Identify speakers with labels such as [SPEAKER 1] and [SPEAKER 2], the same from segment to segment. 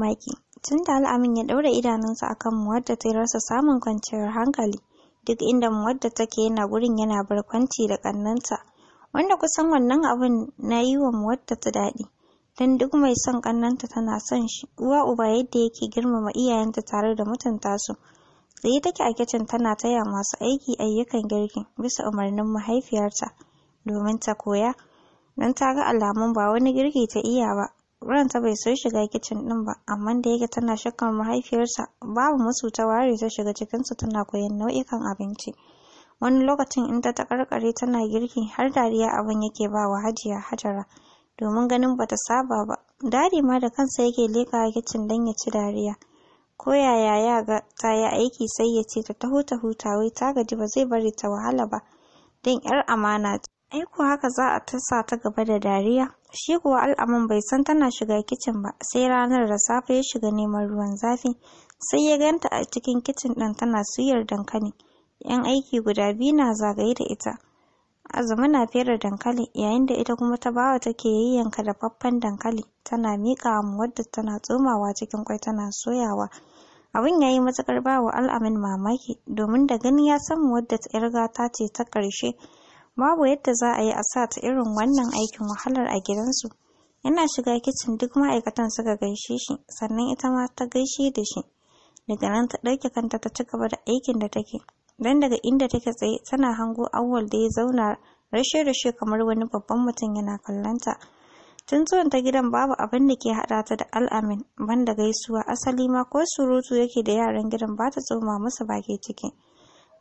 [SPEAKER 1] maki tun da al'amin ya ɗaura idanunsa akan muwadda ta rasa samun kwanciyar hankali duk inda muwadda take yana gurin yana barkwanci da ƙannanta wanda kusan wannan abun na yi wa muwadda ta daɗi don duk mai son ƙannanta tana son shi uwa uba yadda yake girmama iyayenta tare da mutunta su tsaye take a kicin tana taya masu aiki ayyukan girki bisa umarnin mahaifiyarta domin ta koya don ta ga alamun ba wani girki ta iya ba ranta bai so shiga kicin din ba amma da yake tana shakkan mahaifiyarsa babu musu ta ware ta shiga cikinsu tana koyon nau'ikan abinci wani lokacin in ta takarkare tana girki har dariya abin yake ba wa hajiya hajara domin ganin bata saba ba dadi ma da kansa yake leka kicin don ya ci dariya ko yaya ya ga ta yi aiki sai ya ce ta taho ta huta wai ta gaji ba zai bari ta wahala ba don yar amana Ai haka za a tasa ta gaba da dariya. Shi kuwa al'amun bai san tana shiga kicin ba, sai ranar da safe ya shiga neman ruwan zafi. Sai ya ganta a cikin kicin ɗin tana suyar dankali. ‘Yan aiki guda biyu na zagaye da ita. Azumi na fere dankali yayin da ita kuma ta bawa take yayyanka faffan dankali tana miƙa mu wadda tana tsomawa cikin kwai tana soyawa. Abin ya yi matuƙar ba wa al'amin mamaki domin da gani ya san mu wadda ta ‘yar gata ce ta ƙarshe. Babu yadda za a yi a sa ta irin wannan aikin wahalar a gidansu. Yana shiga kicin duk ma'aikatan suka gaishe shi, sannan ita ma ta gaishe da shi. Daga nan ta ɗauke kanta ta ci gaba da aikin da take. Don daga inda take tsaye tana hango awwal da ya zauna rashe-rashe kamar wani babban mutum yana kallonta. Tun zuwan ta gidan babu abin da ke haɗa ta da al'amin, banda gaisuwa asali ma ko surutu yake da yaran gidan ba ta tsoma musu baki ciki.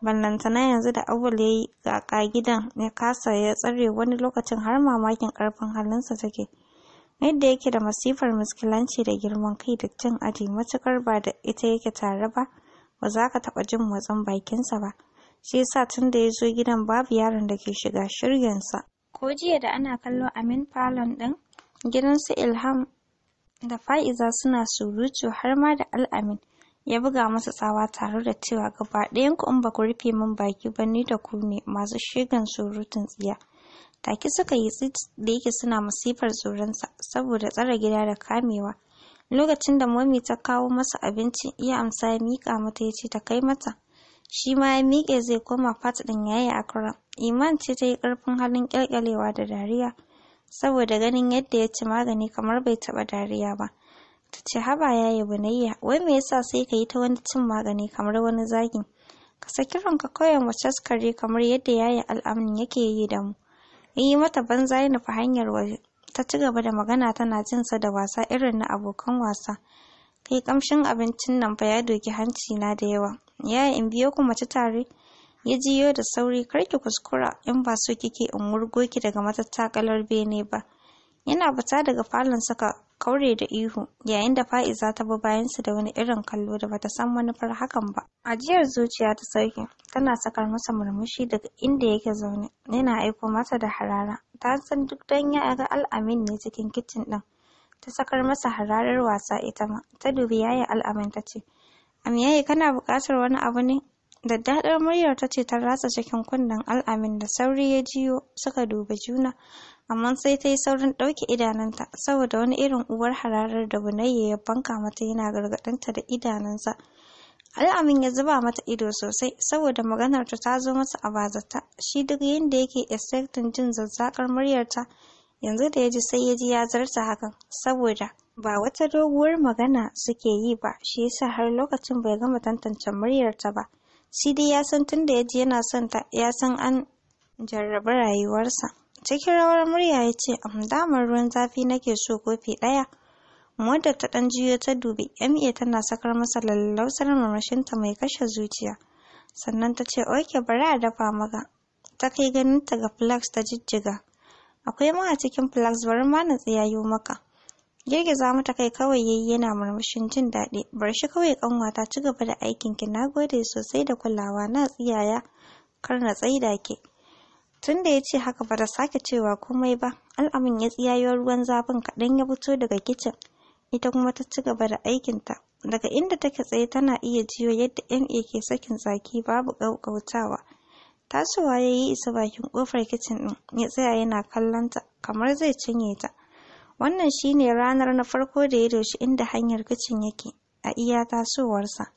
[SPEAKER 1] ballantana yanzu da awul ya yi kaka gidan ya kasa ya tsare wani lokacin har mamakin karfin halinsa take yadda yake da masifar miskilanci da girman kai da cin aji matukar ba da ita yake tare ba ba za ka taɓa jin motsin bakinsa ba shi yasa tun da ya zo gidan babu yaron da ke shiga shiryansa ko jiya da ana kallo amin falon din gidansu ilham da fa'iza suna surutu har ma da al'amin ya buga masa tsawa tare da cewa gaba ɗayan ku in ba ku rufe min baki ba ni da ku ne masu shigan surutun tsiya Taki suka yi tsit da yake suna masifar tsoronsa saboda tsare gida da kamewa lokacin da Mami ta kawo masa abinci iya amsa ya miƙa mata ya ce ta kai mata shi ma ya miƙe zai koma fat ɗin yayi a kuran iman ce ta yi ƙarfin halin ƙyalƙyalewa da dariya saboda ganin yadda ya ci magani kamar bai taɓa dariya ba ta ce haba ya yi bunayya wai me yasa sai ka yi ta wani cin magani kamar wani zagi ka saki ranka kawai mace kare kamar yadda yayin al'amin yake yi da mu yi mata banza ya nufi hanyar waje ta ci gaba da magana tana jin sa da wasa irin na abokan wasa kai kamshin abincin nan fa ya doki hanci na da yawa yaya in biyo ku mace tare ya jiyo da sauri kar ki kuskura in ba so kike in wurgo ki daga matattakalar bene ba yana fita daga falon saka kaure da ihu yayin da fa'iza ta bi bayansu da wani irin kallo da bata san manufar hakan ba ajiyar zuciya ta sauke tana sakar masa murmushi daga inda yake zaune yana aiko mata da harara ta san duk dan ya ga al'amin ne cikin kicin din ta sakar masa hararar wasa ita ma ta dubi yayi al'amin ta ce amiyayi kana buƙatar wani abu ne da daɗar muryar ta ce ta ratsa cikin kunnen al'amin da sauri ya jiyo suka duba juna amma sai ta yi saurin ɗauke idanunta saboda wani irin uwar hararar da bunayya ya banka mata yana gargaɗinta da idanunsa al'amin ya zuba mata ido sosai saboda maganar ta ta zo masa a bazata shi duk yadda yake expectin jin zazzakar muryarta yanzu da ya ji sai ya ji ya zarta hakan saboda ba wata doguwar magana suke yi ba shi yasa har lokacin bai gama tantance muryarta ba shi dai ya san tunda ya ji yana son ta ya san an jarrabi rayuwarsa Cikin rawar murya ya ce, "Am damar ruwan zafi nake so kofi ɗaya." Wadda ta ɗan juyo ta dubi MA tana sakar masa lallausar ta mai kashe zuciya. Sannan ta ce, "Oke, bari a dafa maka." Ta kai ganin ta ga flax ta jijjiga. Akwai ma a cikin flax bari ma na tsiyayo maka. girgiza mata kai kawai yayi yana murmushin jin daɗi bar shi kawai kanwa ta ci gaba da aikin ki gode sosai da kulawa na tsiyaya kar na tsaida ke tun da ya ce haka ba ta sake cewa komai ba al'amin ya tsiyayo ruwan zafin kaɗan ya fito daga kicin ita kuma ta ci gaba da aikinta daga inda take tsaye tana iya jiyo yadda yan ke sakin tsaki babu ƙauƙautawa tasowa ya yi isa bakin ƙofar kicin ɗin ya tsaya yana kallonta kamar zai cinye ta wannan shine ranar na farko da ya doshi inda hanyar kicin yake a iya tasowarsa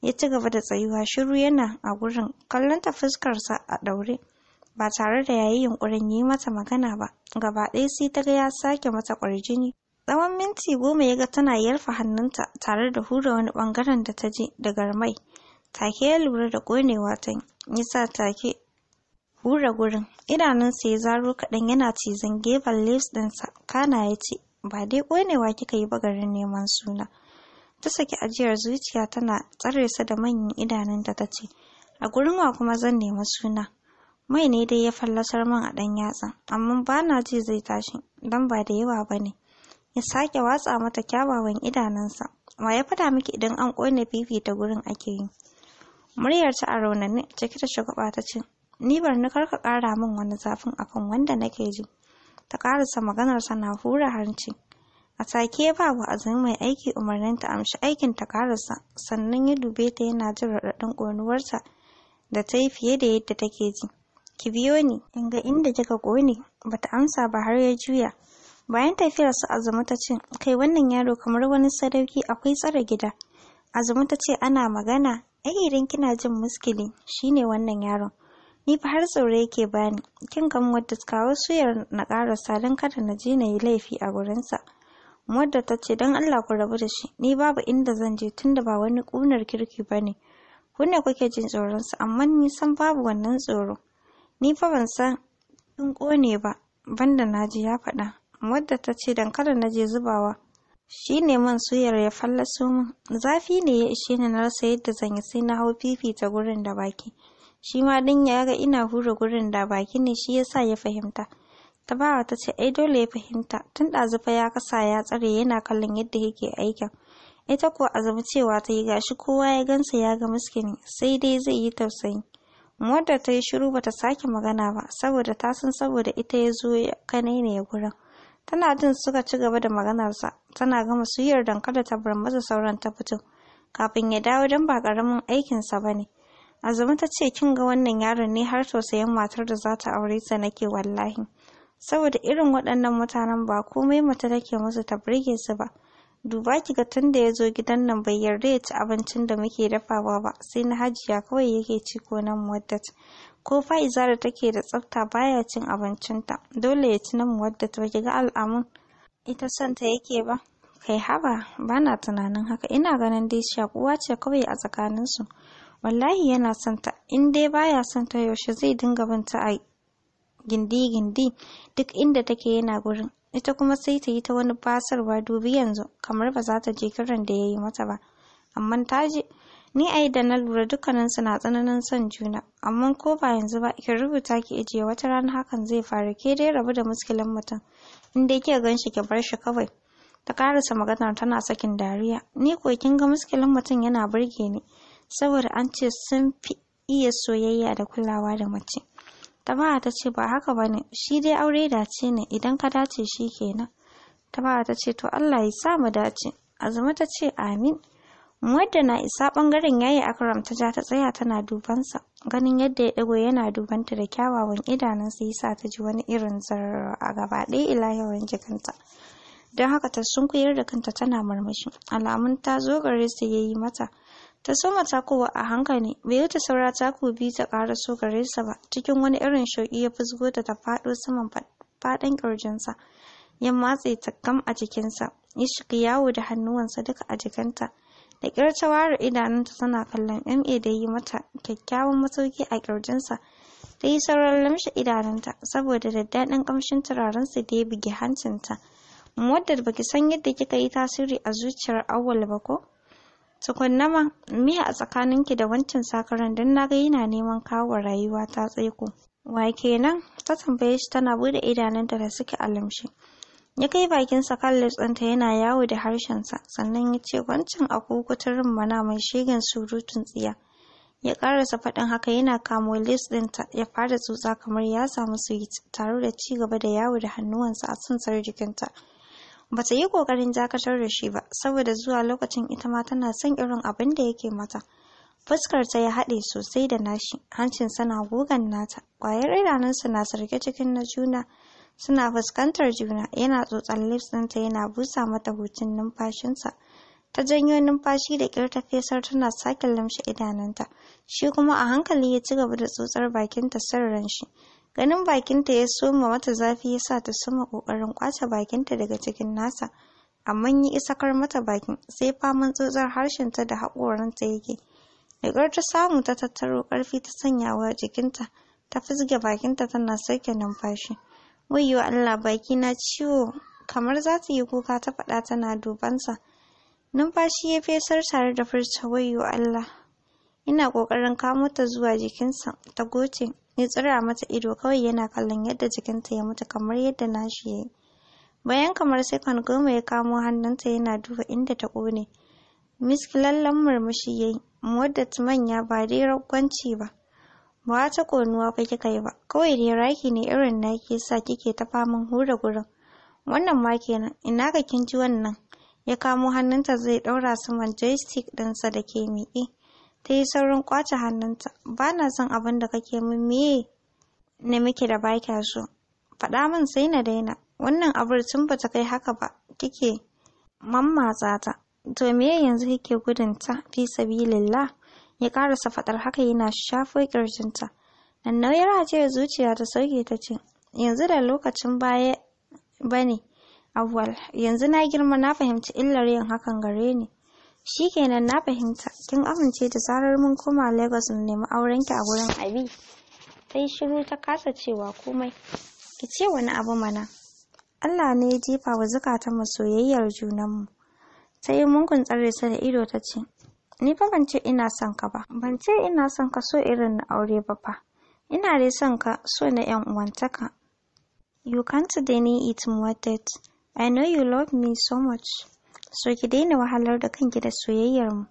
[SPEAKER 1] ya ci gaba da tsayuwa shiru yana a gurin kallonta fuskarsa a ɗaure ba tare da yayi yunkurin yi mata magana ba gaba ɗaya sai ta ga ya sake mata ƙwarjini tsawon minti goma ya ga tana yarfa hannunta tare da hura wani bangaren da ta je daga mai take ya lura da ƙonewa ta yi sa take hura gurin idanunsa ya zaro kaɗan yana cizon gefen leaves ɗinsa kana ya ce ba dai ƙonewa kika yi ba garin neman suna ta saki ajiyar zuciya tana tsare sa da manyan idanunta ta ce a gurin wa kuma zan nemi suna mai ne dai ya fallasar min a ɗan yatsa amma ba na ji zai tashi don ba da yawa ba ne ya sake watsa mata kyawawan idanunsa wa ya fada miki idan an ƙone ta gurin ake yi muryar ta a raunane cike da shagwaba ta ce ni bar ni karka ƙara min wani zafin akan wanda nake ji ta ƙarasa maganar na hura hanci a take ya ba wa azumi mai aiki umarnin ta amshi aikin ta ƙarasa sannan ya dube ta yana jin raɗaɗin ƙonuwarsa da ta yi fiye da yadda take ji ki biyo ni in ga inda kika ƙone bata amsa ba har ya juya bayan tafiyar su azumi ta ce kai wannan yaro kamar wani sadauki akwai tsare gida azumi ta ce ana magana ai idan kina jin muskili shine wannan yaron ni fa har tsoro yake bani kin ga wadda kawo suyar na karasa don kada na je na yi laifi a gurinsa wadda ta ce don allah ku rabu da shi ni babu inda zan je tunda ba wani kunar kirki ba ne ku ne kuke jin tsoronsa amma ni san babu wannan tsoro Ni fa ban san in kone ba, banda na ji ya faɗa. Wadda ta ce dan kada na je zubawa. Shi ne man suyar ya fallaso min. Zafi ne ya ishe ni na rasa yadda zan yi sai na hau ta gurin da baki. Shi ma din ya ga ina hura gurin da baki ne shi yasa ya fahimta. Tabawa ta ce ai dole ya fahimta tun ɗazufa ya kasa ya tsare yana kallon yadda yake aikin. Ita kuwa azumi cewa ta yi gashi kowa ya gansa ya ga miskini sai dai zai yi tausayi. Wadda ta yi shiru bata sake magana ba, saboda ta san saboda ita ya zo ne ya gurin. Tana jin suka ci gaba da maganarsa, tana gama suyar dankalin ta bar masa sauran ta fito. Kafin ya dawo don ba ƙaramin aikinsa ba ne. Azumi ta ce kin ga wannan yaron ne har tausayin matar da za ta aure sa nake wallahi. Saboda irin waɗannan mutanen ba komai mata take musu ta burge su ba. Duba ki ga da ya zo gidan nan bai yarda ya ci abincin da muke dafawa ba sai na hajiya kawai yake ci ko na muwaddat. Ko fa'iza da take da tsafta baya cin abincinta dole ya ci na muwaddat ba ki ga al'amun ita santa yake ba. Kai haba bana tunanin haka ina ganin dai shakuwa ce kawai a tsakaninsu. Wallahi yana son ta. in dai baya son ta yaushe zai dinga ta a gindi-gindi duk inda take yana gurin ita kuma sai ta yi ta wani basarwa dubi yanzu kamar ba za ta je kiran da ya yi mata ba amma ta je ni a da na lura su na tsananin son juna amma ko ba yanzu ba ki rubuta ki ajiye wata rana hakan zai faru ke dai rabu da muskilin mutum in dai kika gan shi ki bar shi kawai ta karasa maganar tana sakin dariya ni ko kin ga muskilin mutum yana burge ni saboda an ce sun fi iya soyayya da kulawa da mace Tamara ta ce ba haka ba ne, shi dai aure dace ne idan ka dace shi kenan. Tamara ta ce to Allah ya sa mu dace. Azumi ta ce amin. Wadda na isa bangaren yayi akram ta ja ta tsaya tana dubansa, ganin yadda ya dago yana dubanta da kyawawan idanunsa yasa ta ji wani irin zarra a gaba ɗaya ila yawan jikinta. Don haka ta sunkuyar da kanta tana murmushi, alamun ta zo gare su yayi mata. ta soma takowa a hankali bai wuce saura taku biyu ta so gare sa ba cikin wani irin shauki ya fusgo ta ta faɗo saman faɗin ƙirjinsa ya matse ta kam a jikinsa ya shiga yawo da hannuwansa duka a jikinta da ƙyar ta ware idanunta tana kallon ma da yi mata kyakkyawan masauki a ƙirjinsa ta yi sauran lamshe idanunta saboda daddaɗin ƙamshin turarensa da ya bugi hancinta wadda baki san yadda kika yi tasiri a zuciyar awwal ba ko Tukunna ma, me a tsakaninki da wancan sakaran don na ga yana neman kawo rayuwa ta tsaiko. Wa kenan? Ta tambaye shi tana bude idanunta da suke alamshi. Ya kai bakin sa kan ɗinta yana yawo da harshen sa, sannan ya ce wancan agogotarin mana mai shegen surutun tsiya. Ya ƙarasa faɗin haka yana kamo lis ɗinta ya fara tsutsa kamar ya samu sweet tare da ci gaba da yawo da hannuwansa a sansar jikinta. ba ta yi ƙoƙarin dakatar da shi ba saboda zuwa lokacin ita ma tana son irin abin da yake mata fuskar ta ya haɗe sosai da nashi hancin sana gugan nata ƙwayar idanunsa na sarke cikin na juna suna fuskantar juna yana tsotsan lips ɗinta yana busa mata hutun numfashinsa ta janyo numfashi da ƙyar ta fesar tana sake lamshe idanunta shi kuma a hankali ya ci gaba da tsotsar bakinta sirrin shi ganin bakinta ya soma mata zafi ya sa ta soma ƙoƙarin ƙwace bakinta daga cikin nasa amma yi isakar mata bakin sai faman tsotsar harshenta da haƙoranta yake daga ta samu ta tattaro ƙarfi ta sanyawa jikinta ta fizge bakinta tana sauke numfashi wayyo allah baki na ciwo kamar za ta yi kuka ta faɗa tana dubansa numfashi ya fesar tare da furta wayyo allah Ina ƙoƙarin kamo ta zuwa jikinsa ta goce, ya tsira mata ido kawai yana kallon yadda jikinta ya mutu kamar yadda nashi ya yi. Bayan kamar sai kan goma ya kamo hannunta yana duba inda ta kone. ƙone. Miskilallen murmushi ya yi, wadda manya ba dai rakwanci ba. Ba ta ƙonuwa fa kika yi ba, kawai dai raki ne irin na yake sa kike ta faman hura gurin. Wannan ma kenan, ina ka kin ji wannan? Ya kamo hannunta zai ɗaura saman joystick ɗinsa da ke miƙe. ta yi saurin kwace hannunta ba na son abin da kake min meye na miki da ba kya so faɗa min sai na daina wannan abur tun ba ta kai haka ba kike mamma ta to meye yanzu kike gudun ta fi sabilillah ya karasa faɗar haka yana shafo kirjinta nan nauyar ce zuciya ta sauke ta ce yanzu da lokacin baya bane awwal yanzu na girma na fahimci illar yin hakan gare ni Shikenan na fahimta, kin amince da zarar mun koma Lagos mu nemi auren ki a gurin Abi. Ta shiru ta kasa cewa komai. Ki ce wani abu mana. Allah ne ya jefa wa zukatan mu soyayyar junanmu. Ta yi kun tsare sa da ido ta ce, Ni fa ban ce ina son ka ba, ban ce ina son ka so irin na aure ba fa. Ina dai son ka so na ‘yan uwantaka. You can't deny it, Mwatet. I know you love me so much. so ki daina wahalar da kanki da soyayyar mu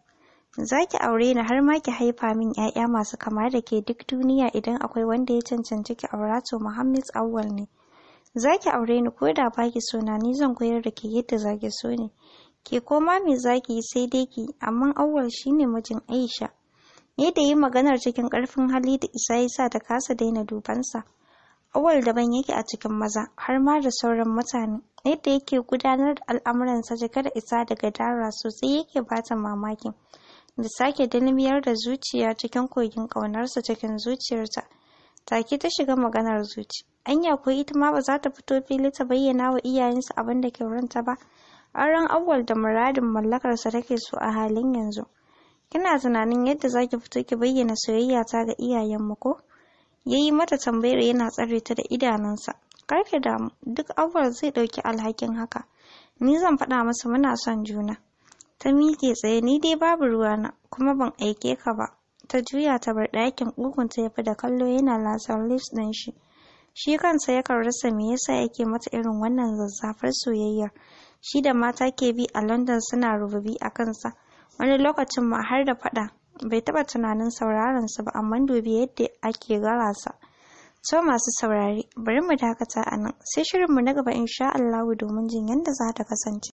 [SPEAKER 1] za ki aure ni har ma ki haifa min 'ya'ya masu kama da ke duk duniya idan akwai wanda ya cancanci ki aura to Muhammad Awwal ne za ki aure ni ko da ba ki so na ni zan koyar da ke yadda za ki so ni ke koma me za ki yi sai dai ki amma Awwal shine mijin Aisha ne da yi maganar cikin ƙarfin hali da isa ya sa ta kasa daina dubansa Auwal daban yake a cikin maza, har ma da sauran mutane. Yadda yake gudanar da al'amuransa cike da isa daga dara sosai yake bata mamakin. Da sake dalmiyar da zuciya cikin kogin ƙaunarsa cikin zuciyarta. Take ta shiga maganar zuci. Anya ko ita ma ba za ta fito fili ta bayyana wa iyayensa abin da ke ranta ba. Auren Auwal da muradin mallakarsa take so a halin yanzu. Kina tunanin yadda zaki fito ki bayyana soyayya ta ga iyayenmu ko? ya yi mata tambayar yana tsare ta da idanunsa kar da damu duk awar zai ɗauki alhakin haka ni zan faɗa masa muna son juna ta miƙe tsaye ni dai babu ruwana kuma ban aike ka ba ta juya ta bar ɗakin ƙugun ya fi da kallo yana lasar lips ɗin shi shi kansa yakan rasa me yasa yake mata irin wannan zazzafar soyayya. shi da mata ke bi a london suna rububi a kansa wani lokacin ma har da faɗa bai taɓa tunanin sauraron sa ba amma dubi yadda ake garasa so masu saurari bari mu dakata anan nan sai shirinmu na gaba insha Allahu domin jin yadda za ta kasance